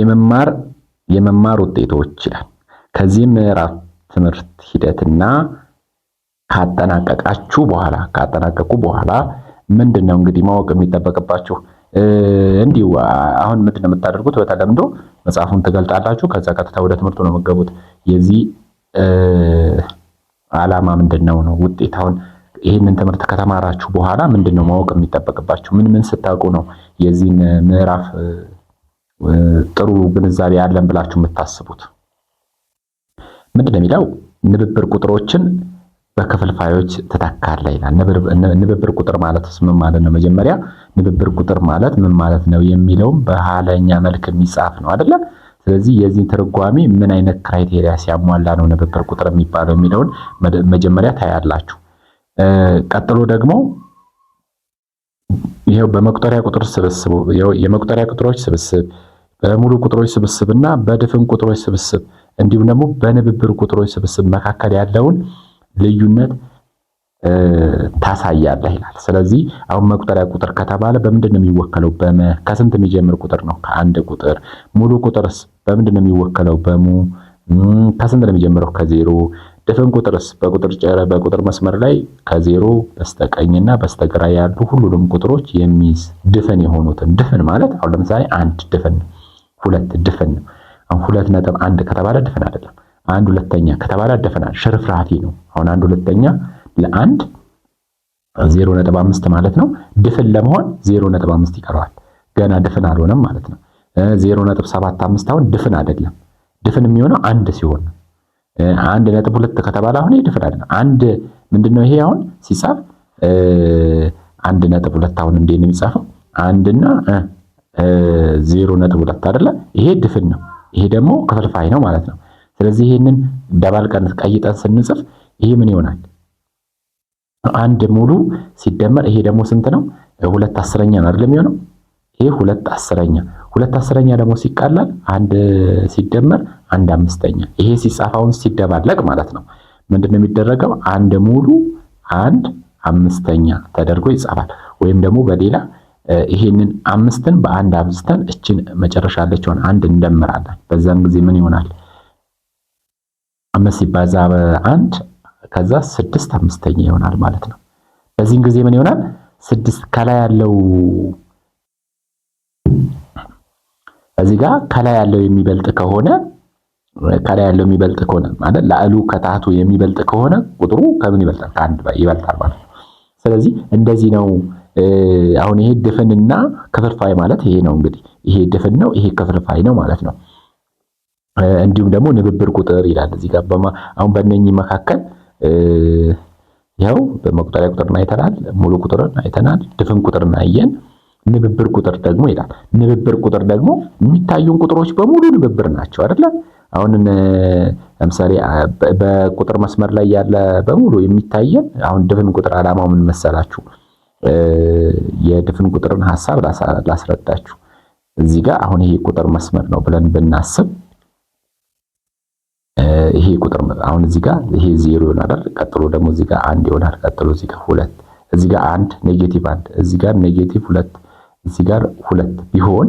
የመማር የመማር ውጤቶች ይላል። ከዚህ ምዕራፍ ትምህርት ሂደትና ካጠናቀቃችሁ በኋላ ካጠናቀቁ በኋላ ምንድን ነው እንግዲህ ማወቅ የሚጠበቅባችሁ እንዲሁ አሁን ምንድን ነው የምታደርጉት? በተለምዶ መጽሐፉን ትገልጣላችሁ። ከዛ ቀጥታ ወደ ትምህርቱ ነው የምትገቡት። የዚህ ዓላማ ምንድን ነው ነው ውጤት አሁን ይህንን ትምህርት ከተማራችሁ በኋላ ምንድን ነው ማወቅ የሚጠበቅባችሁ? ምን ምን ስታውቁ ነው የዚህን ምዕራፍ ጥሩ ግንዛቤ አለን ብላችሁ የምታስቡት ምንድን ነው የሚለው? ንብብር ቁጥሮችን በክፍልፋዮች ትተካለህ ይላል። ንብብር ቁጥር ማለት ምን ማለት ነው? መጀመሪያ ንብብር ቁጥር ማለት ምን ማለት ነው የሚለውም በሀለኛ መልክ የሚጻፍ ነው አይደለ? ስለዚህ የዚህን ትርጓሜ ምን አይነት ክራይቴሪያ ሲያሟላ ነው ንብብር ቁጥር የሚባለው የሚለውን መጀመሪያ ታያላችሁ። ቀጥሎ ደግሞ ይሄው በመቁጠሪያ ቁጥር ስብስብ የመቁጠሪያ ቁጥሮች ስብስብ በሙሉ ቁጥሮች ስብስብና በድፍን ቁጥሮች ስብስብ እንዲሁም ደግሞ በንብብር ቁጥሮች ስብስብ መካከል ያለውን ልዩነት ታሳያለህ ይላል። ስለዚህ አሁን መቁጠሪያ ቁጥር ከተባለ በምንድን ነው የሚወከለው? በመ ከስንት የሚጀምር ቁጥር ነው? ከአንድ ቁጥር። ሙሉ ቁጥርስ በምንድን ነው የሚወከለው? በሙ ከስንት ነው የሚጀምረው? ከዜሮ። ድፍን ቁጥርስ በቁጥር ጨረ በቁጥር መስመር ላይ ከዜሮ በስተቀኝና በስተግራ ያሉ ሁሉንም ቁጥሮች የሚይዝ ድፍን የሆኑትን ድፍን ማለት አሁን ለምሳሌ አንድ ድፍን ሁለት ድፍን ነው። ሁለት ነጥብ አንድ ከተባለ ድፍን አይደለም። አንድ ሁለተኛ ከተባለ ድፍን ሽርፍራፊ ነው። አሁን አንድ ሁለተኛ ለአንድ ዜሮ ነጥብ አምስት ማለት ነው። ድፍን ለመሆን ዜሮ ነጥብ አምስት ይቀረዋል። ገና ድፍን አልሆነም ማለት ነው። ዜሮ ነጥብ ሰባት አምስት አሁን ድፍን አይደለም። ድፍን የሚሆነው አንድ ሲሆን አንድ ነጥብ ሁለት ከተባለ አሁን ድፍን አይደለም። አንድ ምንድነው ይሄ አሁን ሲጻፍ አንድ ነጥብ ሁለት አሁን እንዴት ነው የሚጻፈው? አንድና ዜሮ ነጥብ ሁለት አይደለ? ይሄ ድፍን ነው። ይሄ ደግሞ ክፍልፋይ ነው ማለት ነው። ስለዚህ ይሄንን ደባልቀን ቀይጠን ስንጽፍ ይሄ ምን ይሆናል? አንድ ሙሉ ሲደመር ይሄ ደግሞ ስንት ነው? ሁለት አስረኛ ነው አይደል የሚሆነው? ይሄ ሁለት አስረኛ ሁለት አስረኛ ደግሞ ሲቃላል አንድ ሲደመር አንድ አምስተኛ። ይሄ ሲጻፋውን ሲደባለቅ ማለት ነው ምንድነው የሚደረገው? አንድ ሙሉ አንድ አምስተኛ ተደርጎ ይጻፋል። ወይም ደግሞ በሌላ ይሄንን አምስትን በአንድ አብዝተን እችን መጨረሻ ያለችውን አንድ እንደምራለን። በዛም ጊዜ ምን ይሆናል? አምስት ሲባዛ አንድ ከዛ ስድስት አምስተኛ ይሆናል ማለት ነው። በዚህም ጊዜ ምን ይሆናል? ስድስት ከላይ ያለው እዚህ ጋር ከላይ ያለው የሚበልጥ ከሆነ ከላይ ያለው የሚበልጥ ከሆነ ማለት ላዕሉ ከታህቱ የሚበልጥ ከሆነ ቁጥሩ ከምን ይበልጣል? ከአንድ ይበልጣል ማለት ነው። ስለዚህ እንደዚህ ነው። አሁን ይሄ ድፍንና ክፍልፋይ ማለት ይሄ ነው እንግዲህ ይሄ ድፍን ነው፣ ይሄ ክፍልፋይ ነው ማለት ነው። እንዲሁም ደግሞ ንብብር ቁጥር ይላል እዚህ ጋር አሁን በእነኚህ መካከል ያው በመቁጠሪያ ቁጥርን አይተናል፣ ሙሉ ቁጥርን አይተናል፣ ድፍን ቁጥርን አየን። ንብብር ቁጥር ደግሞ ይላል። ንብብር ቁጥር ደግሞ የሚታዩን ቁጥሮች በሙሉ ንብብር ናቸው አይደለ? አሁን ለምሳሌ በቁጥር መስመር ላይ ያለ በሙሉ የሚታየን አሁን ድፍን ቁጥር አላማው ምን መሰላችሁ? የድፍን ቁጥርን ሀሳብ ላስረዳችሁ። እዚህ ጋር አሁን ይሄ ቁጥር መስመር ነው ብለን ብናስብ ይሄ ቁጥር አሁን እዚህ ጋር ይሄ ዜሮ ይሆናል አይደል? ቀጥሎ ደግሞ እዚህ ጋር አንድ ይሆናል። ቀጥሎ እዚህ ጋር ሁለት፣ እዚህ ጋር አንድ ኔጌቲቭ አንድ፣ እዚህ ጋር ኔጌቲቭ ሁለት፣ እዚህ ጋር ሁለት ቢሆን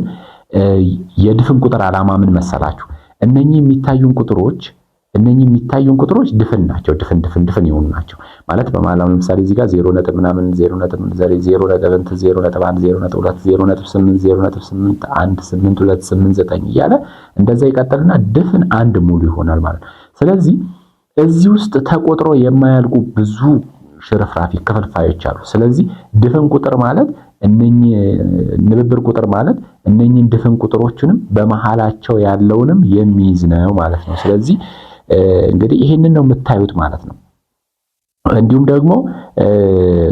የድፍን ቁጥር ዓላማ ምን መሰላችሁ? እነኚህ የሚታዩን ቁጥሮች እነኚህ የሚታዩን ቁጥሮች ድፍን ናቸው። ድፍን ድፍን ድፍን የሆኑ ናቸው ማለት በማላ ለምሳሌ እዚህ ጋር ዜሮ ነጥብ ምናምን ዜሮ ነጥብ ዜሮ ነጥብ እንትን ዜሮ ነጥብ አንድ ዜሮ ነጥብ ሁለት ዜሮ ነጥብ ስምንት ዜሮ ነጥብ ስምንት አንድ ስምንት ሁለት ስምንት ዘጠኝ እያለ እንደዛ ይቀጥልና ድፍን አንድ ሙሉ ይሆናል ማለት ነው። ስለዚህ እዚህ ውስጥ ተቆጥሮ የማያልቁ ብዙ ሽርፍራፊ ክፍልፋዮች አሉ። ስለዚህ ድፍን ቁጥር ማለት እነኚህ ንብብር ቁጥር ማለት እነኚህን ድፍን ቁጥሮችንም በመሃላቸው ያለውንም የሚይዝ ነው ማለት ነው። ስለዚህ እንግዲህ ይህንን ነው የምታዩት ማለት ነው። እንዲሁም ደግሞ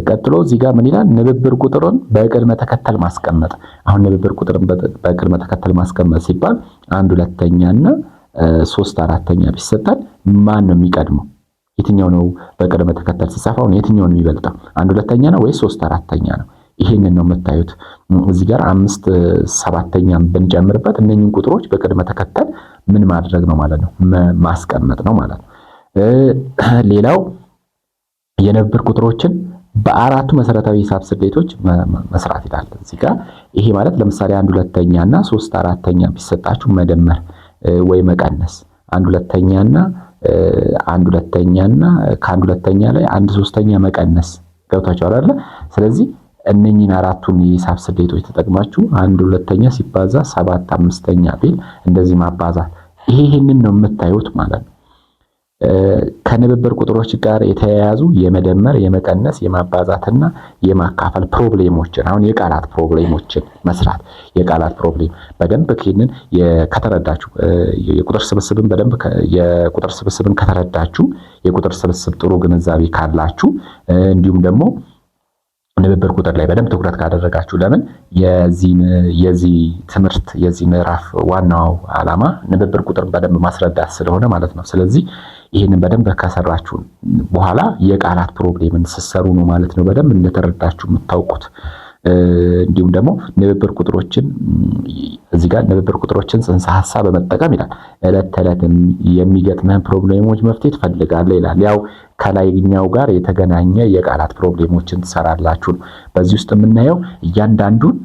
ቀጥሎ እዚህ ጋር ምን ይላል? ንብብር ቁጥርን በቅድመ ተከተል ማስቀመጥ። አሁን ንብብር ቁጥርን በቅድመ ተከተል ማስቀመጥ ሲባል አንድ ሁለተኛና ሶስት አራተኛ ቢሰጠን ማን ነው የሚቀድመው? የትኛው ነው በቅድመ ተከተል ሲጻፍ አሁን የትኛው ነው የሚበልጠው? አንድ ሁለተኛ ነው ወይስ ሶስት አራተኛ ነው? ይሄንን ነው የምታዩት። እዚህ ጋር አምስት ሰባተኛን ብንጨምርበት እነኝን ቁጥሮች በቅድመ ተከተል ምን ማድረግ ነው ማለት ነው ማስቀመጥ ነው ማለት ነው። ሌላው የነብር ቁጥሮችን በአራቱ መሰረታዊ ሂሳብ ስሌቶች መስራት ይላል። እዚህ ጋር ይሄ ማለት ለምሳሌ አንድ ሁለተኛ እና ሶስት አራተኛ ቢሰጣችሁ መደመር ወይ መቀነስ አንድ ሁለተኛና አንድ እና ከአንድ ሁለተኛ ላይ አንድ ሶስተኛ መቀነስ ገብታችኋል አይደለ? ስለዚህ እነኝን አራቱን የሂሳብ ስሌቶች ተጠቅማችሁ አንድ ሁለተኛ ሲባዛ ሰባት አምስተኛ ቤል እንደዚህ ማባዛት። ይሄ ይህንን ነው የምታዩት ማለት ነው። ከንብብር ቁጥሮች ጋር የተያያዙ የመደመር፣ የመቀነስ፣ የማባዛትና የማካፈል ፕሮብሌሞችን አሁን የቃላት ፕሮብሌሞችን መስራት የቃላት ፕሮብሌም በደንብ ይህንን ከተረዳችሁ የቁጥር ስብስብን በደንብ የቁጥር ስብስብን ከተረዳችሁ የቁጥር ስብስብ ጥሩ ግንዛቤ ካላችሁ እንዲሁም ደግሞ ንብብር ቁጥር ላይ በደንብ ትኩረት ካደረጋችሁ ለምን የዚህ ትምህርት የዚህ ምዕራፍ ዋናው ዓላማ ንብብር ቁጥር በደንብ ማስረዳት ስለሆነ ማለት ነው። ስለዚህ ይህንን በደንብ ከሰራችሁ በኋላ የቃላት ፕሮብሌምን ስሰሩ ነው ማለት ነው በደንብ እንደተረዳችሁ የምታውቁት። እንዲሁም ደግሞ ንብብር ቁጥሮችን እዚህ ጋር ንብብር ቁጥሮችን ጽንሰ ሀሳብ በመጠቀም ይላል እለት ተዕለት የሚገጥመህን ፕሮብሌሞች መፍትሄ ትፈልጋለህ ይላል። ያው ከላይኛው ጋር የተገናኘ የቃላት ፕሮብሌሞችን ትሰራላችሁ። በዚህ ውስጥ የምናየው እያንዳንዱን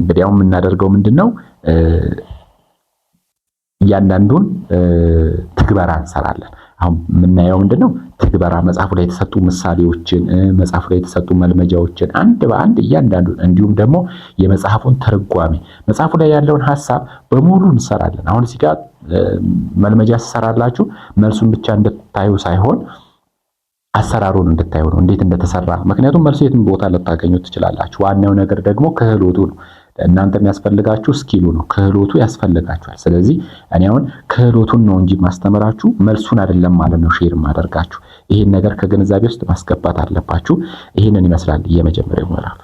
እንግዲያው የምናደርገው ምንድን ነው? እያንዳንዱን ትግበራ እንሰራለን። አሁን የምናየው ምንድን ነው ትግበራ መጽሐፉ ላይ የተሰጡ ምሳሌዎችን መጽሐፉ ላይ የተሰጡ መልመጃዎችን አንድ በአንድ እያንዳንዱ እንዲሁም ደግሞ የመጽሐፉን ትርጓሜ መጽሐፉ ላይ ያለውን ሀሳብ በሙሉ እንሰራለን። አሁን እዚህ ጋር መልመጃ ስሰራላችሁ መልሱን ብቻ እንድታዩ ሳይሆን አሰራሩን እንድታዩ ነው፣ እንዴት እንደተሰራ ምክንያቱም መልሱ የትም ቦታ ልታገኙ ትችላላችሁ። ዋናው ነገር ደግሞ ክህሎቱ ነው። እናንተ የሚያስፈልጋችሁ ስኪሉ ነው፣ ክህሎቱ ያስፈልጋችኋል። ስለዚህ እኔ አሁን ክህሎቱን ነው እንጂ ማስተምራችሁ መልሱን አይደለም ማለት ነው ሼር ማደርጋችሁ። ይህን ነገር ከግንዛቤ ውስጥ ማስገባት አለባችሁ። ይህንን ይመስላል የመጀመሪያው ምዕራፍ።